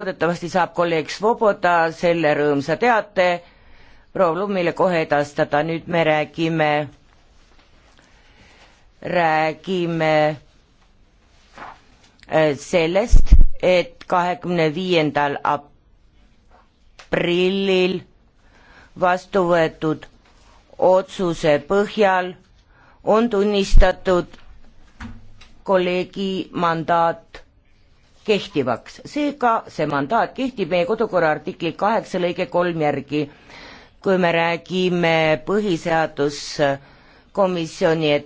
loodetavasti saab kolleeg Svoboda selle rõõmsa teate proua Blumile kohe edastada, nüüd me räägime, räägime äh, sellest, et kahekümne viiendal aprillil vastu võetud otsuse põhjal on tunnistatud kolleegi mandaat kehtivaks. seega see mandaat kehtib meie kodukorra artikli kaheksa lõige kolm järgi. kui me räägime põhiseaduskomisjoni